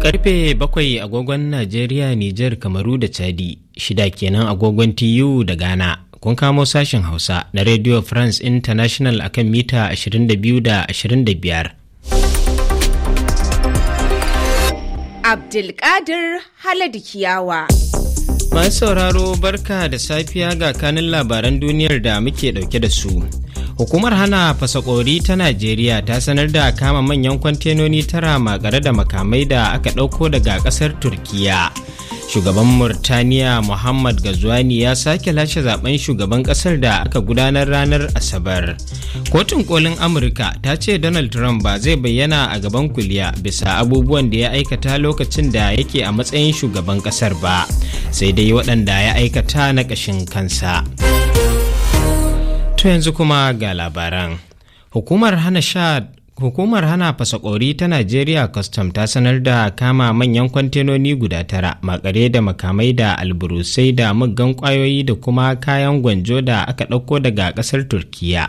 Karfe bakwai agogon Najeriya, Nijar, Kamaru da Chadi, shida kenan agogon TU da Ghana. Kun kamo sashen Hausa na Radio France International a kan mita 22 da 25. Abdulkadir Haladikiyawa. Kiyawa. Masu sauraro barka da safiya ga kanin labaran duniyar da muke dauke da su. Hukumar hana fasakori ta Najeriya ta sanar da kama manyan kwantenoni tara makare da makamai da aka ɗauko daga ƙasar Turkiya. Shugaban Murtaniya Muhammad Gazwani ya sake lashe zaben shugaban ƙasar da aka gudanar ranar Asabar. Kotun kolin Amurka ta ce Donald Trump ba zai bayyana a gaban kuliya bisa abubuwan da ya aikata lokacin da yake a matsayin shugaban ƙasar ba. sai dai waɗanda ya aikata na ƙashin kansa to yanzu kuma ga labaran hukumar hana sha Hukumar hana fasakori ta Najeriya Custom ta sanar da kama manyan kwantenoni guda tara makare da makamai da alburusai da muggan kwayoyi da kuma kayan gwanjo da aka ɗauko daga ƙasar Turkiya.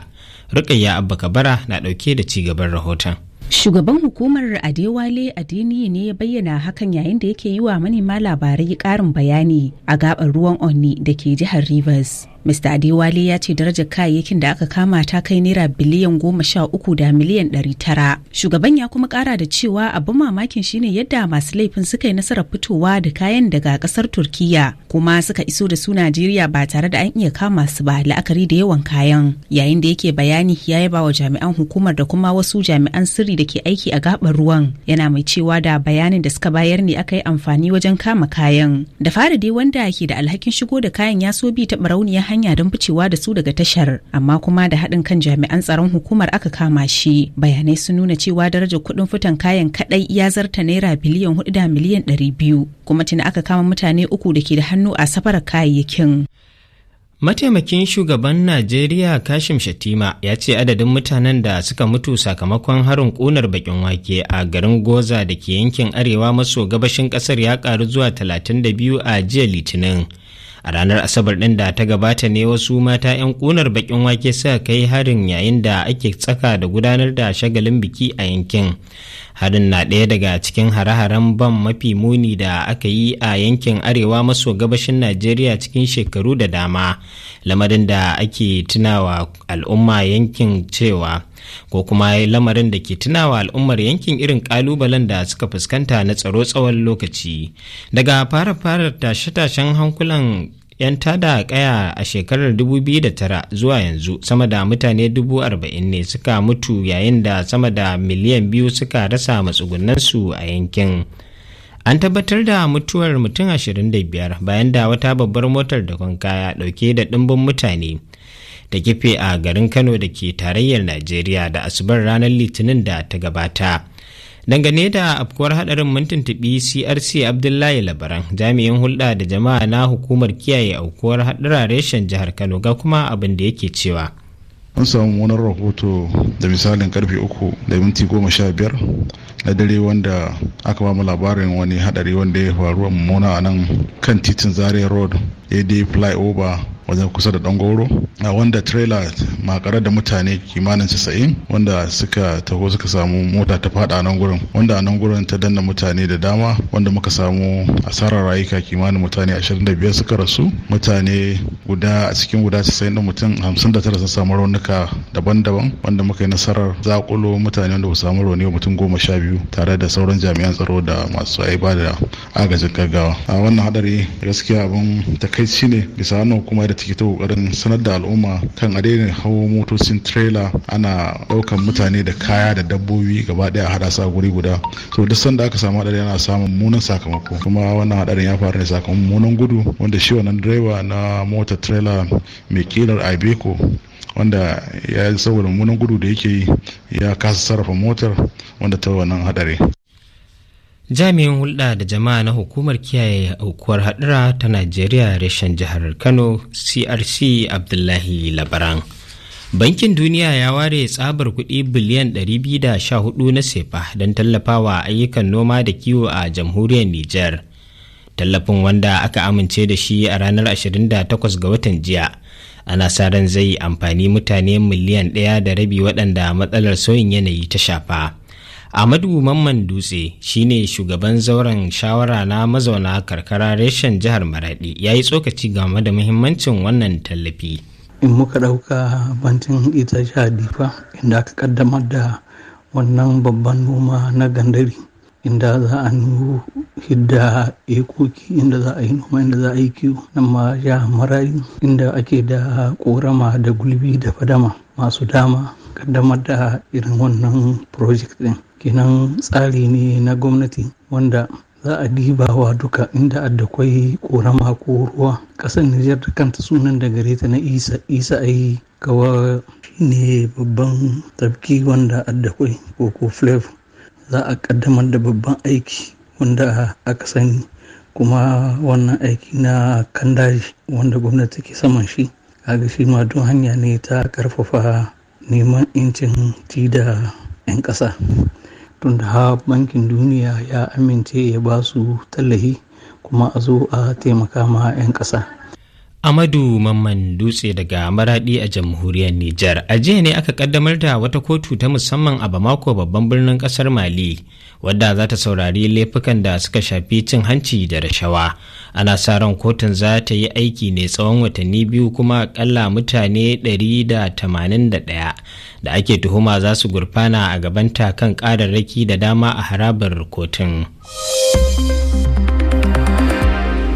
Rukayya Abba Kabara na ɗauke da cigaban rahoton. Shugaban hukumar Adewale Adini ne ya bayyana hakan yayin da yake yi wa manema labarai karin bayani a gabar ruwan Onni da ke jihar Rivers. Mr. Adewale ya ce darajar kayayyakin da aka kama ta kai naira biliyan goma sha uku da miliyan ɗari tara. Shugaban ya kuma ƙara da cewa abin mamakin shine yadda masu laifin suka yi nasarar fitowa da kayan daga ƙasar Turkiya kuma suka iso da su Najeriya ba tare da an iya kama su ba la'akari da yawan kayan. Yayin da yake bayani ya yaba wa jami'an hukumar da kuma wasu jami'an sirri da ke aiki a gabar ruwan yana mai cewa da bayanin da suka bayar ne aka yi amfani wajen kama kayan da fara dai wanda ke da alhakin shigo da kayan ya so bi ta barauniyar hanya don ficewa da su daga tashar amma kuma da haɗin kan jami'an tsaron hukumar aka kama shi bayanai sun nuna cewa darajar kuɗin fitan kayan kaɗai ya zarta naira biliyan hudu da miliyan ɗari biyu kuma tuni aka kama mutane uku da ke da hannu a safarar kayayyakin Mataimakin shugaban Najeriya Kashim Shatima ya ce adadin mutanen da suka mutu sakamakon harin ƙunar bakin wake a garin Goza da ke yankin arewa maso gabashin ƙasar ya ƙaru zuwa 32 a jiya Litinin. a ranar asabar ɗin da ta gabata ne wasu mata 'yan ƙunar bakin wake suka kai harin yayin da ake tsaka da gudanar da shagalin biki a yankin harin na ɗaya daga cikin hare-haren ban mafi muni da aka yi a yankin arewa maso gabashin najeriya cikin shekaru da dama lamarin da ake tunawa al'umma yankin cewa ko kuma ya yi lamarin da ke tunawa al'ummar yankin irin kalubalen da suka fuskanta na tsaro tsawon lokaci daga fara fara tashe-tashen hankulan 'yan tada kaya a shekarar 2009 zuwa yanzu sama da mutane 40,000 ne suka mutu yayin da sama da miliyan biyu suka rasa matsugunansu a yankin an tabbatar da mutuwar mutum 25 bayan da wata babbar motar da kaya dauke da ɗimbin mutane da kife a garin kano da ke tarayyar najeriya da asubar ranar litinin da ta gabata dangane da afkuwar hadarin mun crc abdullahi labaran jami'in hulɗa da jama'a na hukumar kiyaye aukuwar hadura reshen jihar kano ga kuma abin da yake cewa an samu wani rahoto da misalin karfe uku da minti goma sha biyar na dare wanda aka ba mu labarin wani hadari wanda ya faru mummuna a nan kan titin zaria road daidai flyover wajen kusa da dangoro wanda trailer makare da mutane kimanin 90 wanda suka taho suka samu mota ta fada nan gurin wanda a nan gurin ta danna mutane da dama wanda muka samu asarar rayuka kimanin mutane 25 suka rasu mutane guda a cikin guda 90 da mutum 59 sun samu raunuka daban-daban wanda muka yi nasarar zakulo mutane wanda ba samu rauni mutum goma sha biyu tare da sauran jami'an tsaro da masu aiba da agajin gaggawa a wannan hadari gaskiya abin takaici ne bisa wannan hukuma da take ta kokarin sanar da al'umma kan adaidin hau motocin trailer ana daukan mutane da kaya da dabbobi gaba daya a sa guri guda so duk sanda aka samu hadari yana samun munan sakamako kuma wannan haɗarin ya faru ne sakamakon munan gudu wanda shi wannan direba na motar trailer mai kilar ibeco wanda ya saboda munan gudu da yake yi ya kasa sarrafa motar wanda ta wannan haɗari jami'in hulɗa da jama'a na hukumar kiyaye aukuwar haɗura ta najeriya reshen jihar kano crc abdullahi labaran Bankin Duniya ya ware tsabar kuɗi biliyan 214 na sefa don tallafawa ayyukan noma da kiwo a jamhuriyar Nijar. Tallafin wanda aka amince da shi a ranar 28 ga watan jiya. Ana sa ran zai amfani mutane miliyan ɗaya da rabi waɗanda matsalar sauyin yanayi ta shafa. Ahmadu Mamman Dutse shine shugaban zauren shawara na mazauna karkara reshen jihar Maradi ya yi tsokaci game da muhimmancin wannan tallafi. in muka ɗauka bantin ita sha difa inda aka kaddamar da wannan babban noma na gandari inda za a nuhu hidda ekoki inda za a yi noma inda za a yi kiwo na ma sha marayu inda ake da korama da gulbi da fadama masu dama kaddamar da irin wannan project din kenan tsari ne na gwamnati wanda za a dibawa duka inda adakwai korama ko ruwa ƙasar nijar da kanta sunan da gare ta na isa isa ayi kawa ne babban tafki wanda adakwai koko flav za a kaddamar da babban aiki wanda aka sani kuma wannan aiki na kandaji wanda gwamnati ke saman shi kaga shi ma don hanya ne ta ƙarfafa neman incin ti da 'yan ƙasa da ha bankin duniya ya amince ya ba su tallahi kuma a zo a taimaka ma 'yan ƙasa Amadu Mamman Dutse daga Maraɗi a jamhuriyar Nijar. A jiya ne aka kaddamar da wata kotu ta musamman a Bamako babban birnin ƙasar Mali, wadda za ta saurari laifukan da suka shafi cin hanci da rashawa. Ana sa ran kotun za ta yi aiki ne tsawon watanni biyu kuma kalla mutane 181 da ake tuhuma za su gurfana a gabanta kan ƙararraki da dama a harabar kotun.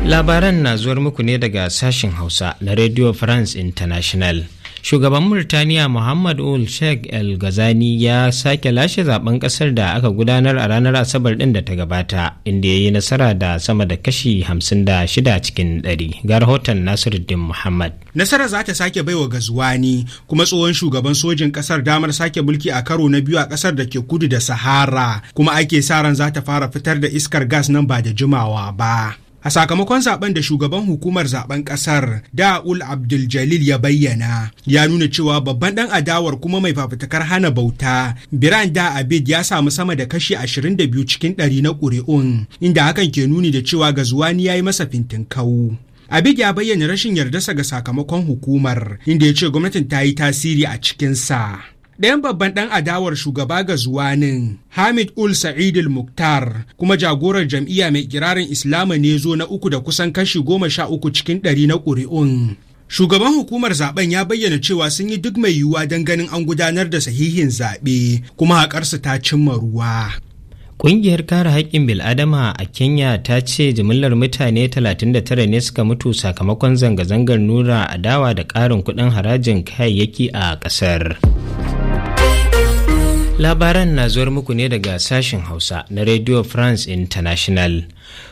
labaran na zuwar muku ne daga sashen hausa na radio france international shugaban murtaniya muhammad ul sheikh el ghazani ya sake lashe zaben kasar da aka gudanar a ranar asabar din da ta gabata inda ya yi nasara da sama da kashi 56 cikin 100 ga rahoton nasiruddin muhammad nasara za ta sake baiwa gazuwani kuma tsohon shugaban sojin kasar damar sake mulki a karo na biyu a kasar da ke kudu da sahara kuma ake sa ran za ta fara fitar da iskar gas nan ba da jimawa ba a sakamakon zaben da shugaban hukumar zaben kasar da'ul abdul jalil ya bayyana ya nuna cewa babban dan adawar kuma mai fafutukar hana bauta biran da abid ya samu sama da kashi 22 cikin 100 na ƙuri'un inda hakan ke nuni da cewa gazuwani ya yi masa fintin kau. Abid ya bayyana rashin yardarsa ga sakamakon hukumar inda ya ce gwamnatin ta yi tasiri a cikinsa. ɗayan babban ɗan adawar shugaba ga zuwanin hamid ul sa'idul muktar kuma jagorar jam'iyya mai kirarin islama ne zo na uku da kusan kashi goma sha uku cikin ɗari na ƙuri'un Shugaban hukumar zaben ya bayyana cewa sun yi duk mai yiwuwa don ganin an gudanar da sahihin zaɓe kuma haƙarsu ta cimma ruwa. Ƙungiyar kare haƙƙin bil'adama a Kenya ta ce jimillar mutane 39 ne suka mutu sakamakon zanga-zangar nura adawa da ƙarin kuɗin harajin kayayyaki a ƙasar. Labaran na zuwar muku ne daga sashen Hausa na Radio France International.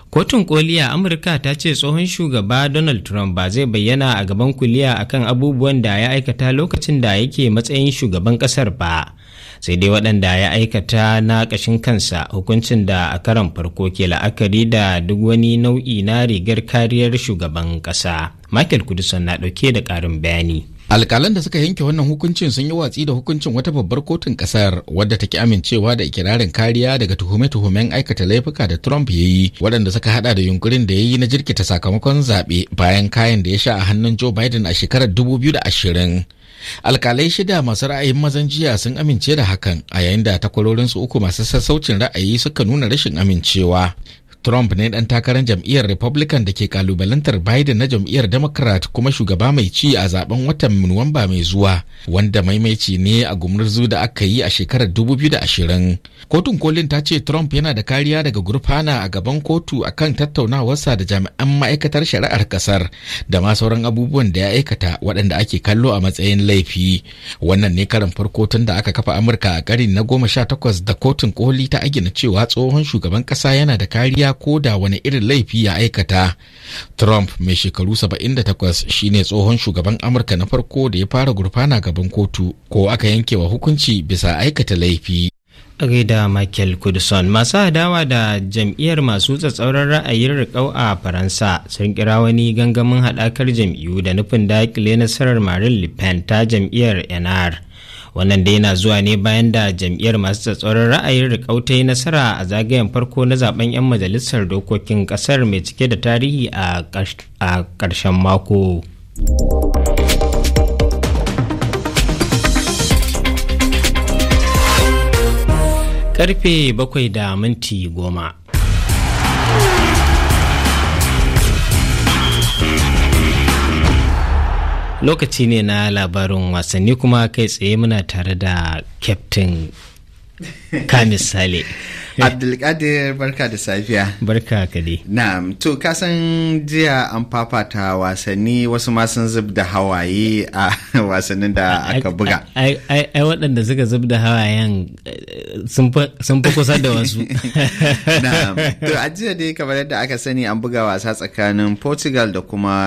Kotun koli a Amurka ta ce tsohon shugaba Donald Trump ba zai bayyana a gaban kuliya akan abubuwan da ya aikata lokacin da yake matsayin shugaban kasar ba. Sai dai waɗanda ya aikata na ƙashin kansa hukuncin da a karan farko ke la'akari da duk wani nau'i na rigar kariyar shugaban ƙasa. Michael Kudison na ɗauke da ƙarin bayani. alkalan da suka yanke wannan hukuncin sun yi watsi da hukuncin wata babbar kotun kasar wadda take amincewa da ikirarin kariya daga tuhume-tuhumen aikata laifuka da trump ya yi waɗanda suka hada da yunkurin da ya yi na jirkita sakamakon zaɓe bayan kayan da ya sha a hannun joe biden a shekarar 2020 alkalai shida masu ra'ayin mazan jiya sun amince da hakan a yayin da takwarorinsu uku masu sassaucin ra'ayi suka nuna rashin amincewa Trump ne ɗan takarar jam'iyyar Republican da ke kalubalantar Biden na jam'iyyar Democrat kuma shugaba mai ci a zaben watan Nuwamba mai zuwa, wanda maimaici ne a gumurzu da aka yi a shekarar 2020. Kotun kolin ta ce Trump yana da kariya daga gurfana a gaban kotu a akan tattaunawarsa da jami'an ma'aikatar shari'ar kasar da ma sauran abubuwan da ya aikata waɗanda ake kallo a matsayin laifi. Wannan ne karan farko tun da aka kafa Amurka a ƙari na goma sha takwas da kotun koli ta agina cewa tsohon shugaban ƙasa yana da kariya ko da wani irin laifi ya aikata trump mai shekaru 78 shine tsohon shugaban amurka na farko da ya fara gurfana gaban kotu ko aka yankewa hukunci bisa aikata laifi da Michael Kudson masu hadawa da jam'iyyar masu tsatsauran ra'ayin riƙau a Faransa sun kira wani gangamin haɗakar jam'iyyu da nufin daƙile nasarar Marine Le ta jam'iyyar NR. wannan dai yana zuwa ne bayan da jam'iyyar masu tsatsauran ra'ayin rikau ta yi nasara a zagayen farko na zaben 'yan majalisar dokokin kasar mai cike da tarihi a ƙarshen mako. karfe bakwai da minti goma lokaci ne na labarin wasanni kuma kai tsaye muna tare da kyaftin kamis sale Eh. Abdulkadir barka da safiya. Barka ka dai. Na'am, to ka san jiya an fafata wasanni wasu ma sun zub da hawaye a wasannin da aka buga. Ai waɗanda suka zub da hawayen eh, sun fi kusa da wasu. Na'am, to a jiya dai kamar yadda aka sani an buga wasa tsakanin Portugal da kuma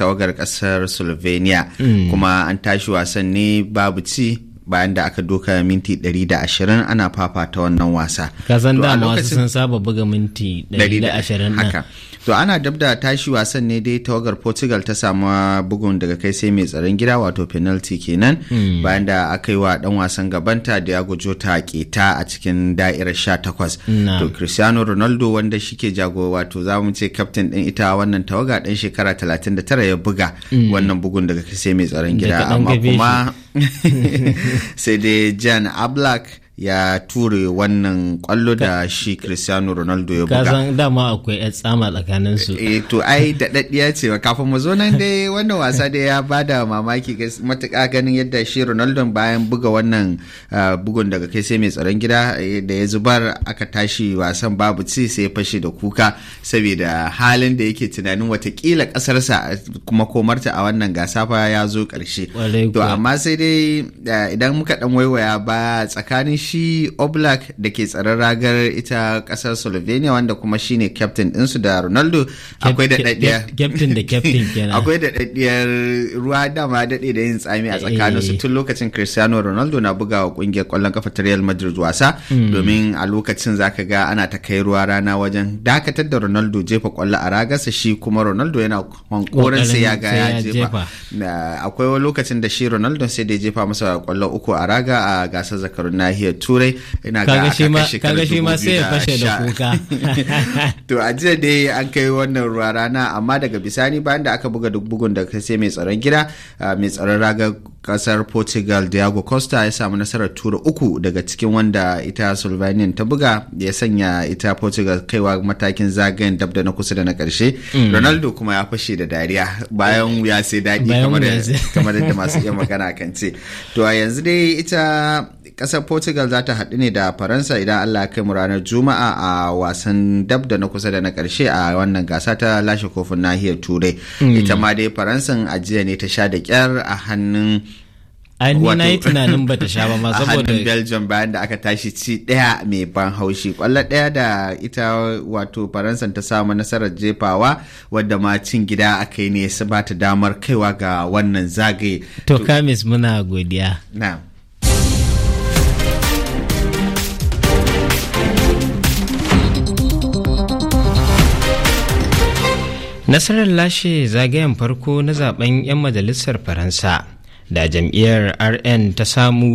tawagar ƙasar Slovenia. Mm. Kuma an tashi wasanni babu ci bayan da aka doka minti 120 ana fafata wannan wasa kasan da wasu sun saba buga minti 120 haka to ana dab da tashi wasan ne dai tawagar portugal ta samu bugun daga kai sai mai tsaron gida wato penalty kenan hmm. bayan da aka yi wa dan wasan gabanta diago jota keta a cikin da'irar 18 to cristiano ronaldo wanda shike jago wato za mu ce captain din ita wannan tawaga dan shekara 39 ya buga hmm. wannan bugun daga kai sai mai tsaron gida amma kuma c'est des Jan Ablak ya ture wannan kwallo da shi cristiano ronaldo ya buga kasan dama akwai ya tsama tsakanin su eh to ai daɗaɗɗiya ce kafin mu zo nan dai wannan wasa dai ya bada mamaki matuƙa ganin yadda shi ronaldo bayan buga wannan ah, bugun daga kai sai mai tsaron gida eh, da ya zubar aka tashi wasan babu ci sai fashe da kuka saboda halin da yake tunanin watakila ƙasarsa kuma komarta a wannan gasa fa ya zo ƙarshe to amma sai dai idan muka dan waiwaya ba tsakanin shi oblak da ke tsaron ragar ita kasar slovenia wanda kuma shine captain ɗinsu da ronaldo akwai da captain da captain kenan akwai da daddiyar ruwa dama daɗe da yin tsami a tsakanin su eh. tun lokacin cristiano ronaldo na bugawa kungiyar kwallon kafa ta real madrid wasa hmm. domin a lokacin zaka ga ana ta kai ruwa rana wajen dakatar da ronaldo jefa kwallo a ragarsa shi kuma ronaldo yana kwankoran sai ya ga ya jefa akwai lokacin da shi ronaldo sai da jefa masa kwallo uku a raga a gasar zakarun nahiyar turai ina ga aka kashe kaga shi ma sai ya fashe da kuka to a jiya dai an kai wannan ruwa rana amma daga bisani bayan da aka buga duk bugun da sai mai tsaron gida mai tsaron raga kasar portugal diago costa ya samu nasarar tura uku daga cikin wanda ita sylvanian ta buga ya sanya ita portugal kaiwa matakin zagayen dab da na kusa da na karshe mm. ronaldo kuma ya fashe da dariya bayan ya sai daɗi kamar da masu iya magana kan ce to a yanzu dai ita ƙasar portugal za ta haɗu ne da faransa idan allah kai mu ranar juma'a a wasan dab da na kusa da na ƙarshe a wannan gasa ta lashe kofin nahiyar turai hmm. ita ma dai faransan ajiya ne ta sha da ƙyar a hannun an na yi tunanin bata sha ba ma saboda hannun belgium bayan da aka tashi ci ɗaya mai ban haushi kwallo ɗaya da ita wato faransa ta samu nasarar jefawa wadda ma cin gida aka yi ne su ba ta damar kaiwa ga wannan zagaye to kamis muna godiya na'am nasarar lashe zagayen farko na zaben 'yan majalisar faransa da jam'iyyar rn ta samu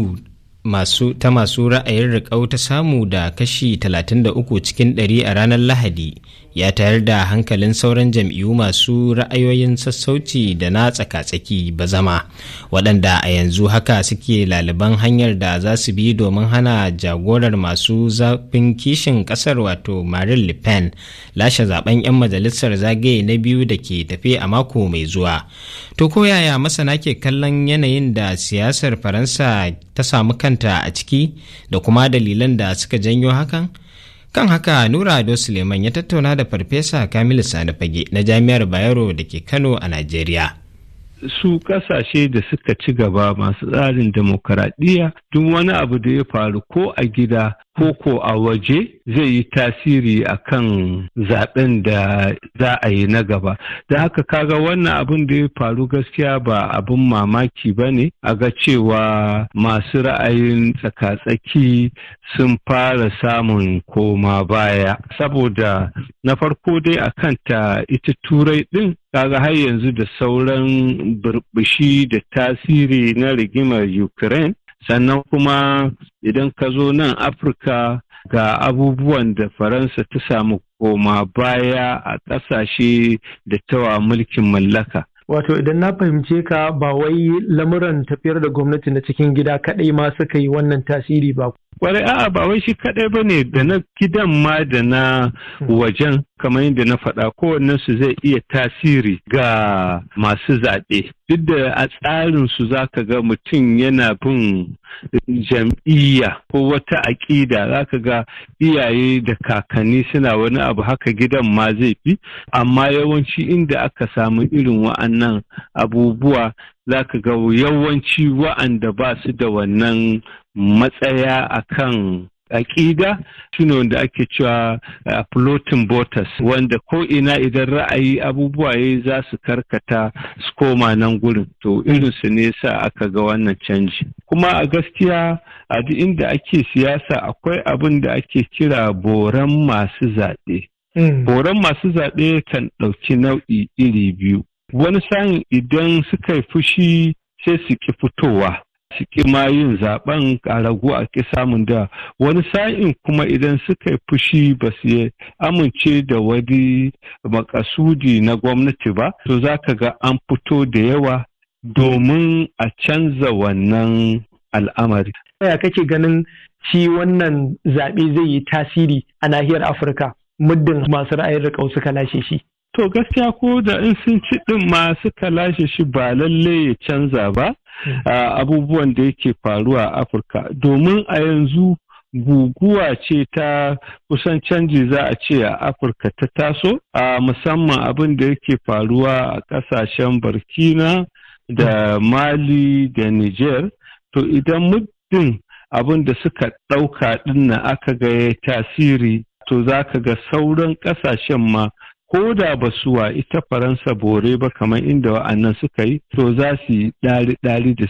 masu ta masu ra'ayin riƙau ta samu da kashi 33 cikin 100 a ranar lahadi ya tayar da hankalin sauran jam'iyyu masu ra'ayoyin sassauci da na tsaka-tsaki ba zama waɗanda a yanzu haka suke laliban hanyar da za su bi domin hana jagorar masu zafin kishin ƙasar wato Marine Le Pen lashe zaben 'yan majalisar zagaye na biyu da ke tafe a mako mai zuwa. To koyaya masana ke kallon yanayin da siyasar Faransa ta samu kanta a ciki da kuma dalilan da suka janyo hakan? kan haka nura ado suleiman ya tattauna da farfesa kamilu sani fage na jami'ar bayero da ke kano a najeriya su kasashe da suka ci gaba masu tsarin demokaradiyya duk wani abu da ya faru ko a gida koko a waje zai yi tasiri a kan zaɓen da za a yi na gaba da haka kaga wannan abin da ya faru gaskiya ba abin mamaki ba ne a ga cewa masu ra'ayin tsakatsaki sun fara samun koma baya saboda na farko dai a kanta ita turai ɗin kaga har yanzu da sauran burbushi da tasiri na rigimar ukraine sannan kuma idan ka zo nan afirka ga abubuwan da faransa ta samu koma baya a ƙasashe da tawa mulkin mallaka Wato idan na fahimce ka ba wai lamuran tafiyar da gwamnati na cikin gida kaɗai ma suka yi wannan tasiri ba kwarai a'a ba wai shi kadai ba ne da na gidan ma da na wajen kamar yadda na faɗa kowannensu zai iya tasiri ga masu zaɓe duk da a su za ka ga mutum yana bin jam'iyya ko wata aƙida za ka ga iyaye da kakanni suna wani abu haka gidan ma zai fi amma yawanci inda aka samu irin wa'annan abubuwa za ka ga yawanci wa'anda ba su da wannan matsaya a akan aƙida shine wanda ake cewa a floating voters wanda ko ina idan ra'ayi abubuwa ya za su karkata su koma nan gurin to irinsu ne sa aka ga wannan canji kuma a gaskiya a duk inda ake siyasa akwai abin da ake kira boran masu zaɓe hmm. boran masu zaɓe kan ɗauki nau'i iri biyu wani sa'in idan suka yi fushi sai su ki fitowa suke ma yin zaben ƙarago a ke samun da wani sa'in kuma idan suka yi fushi ba su amince da wani makasudi na gwamnati ba to za ka ga an fito da yawa domin a canza wannan al'amari. Ya kake ganin shi wannan zaɓe zai yi tasiri a nahiyar Afirka muddin masu ra'ayin riƙau suka lashe shi. To gaskiya ko da in sun ci ɗin masu suka shi ba lalle ya canza ba abubuwan da yake faruwa a afirka domin a yanzu guguwa ce ta kusan canji za a ce a afirka ta taso a musamman abin da yake faruwa a kasashen burkina da mali da niger to idan muddin abin da suka ɗauka ɗin na aka ga tasiri to za ka ga sauran ƙasashen ma ko da ba wa ita faransa bore ba kamar inda wa'annan suka yi to za su yi ɗari-ɗari da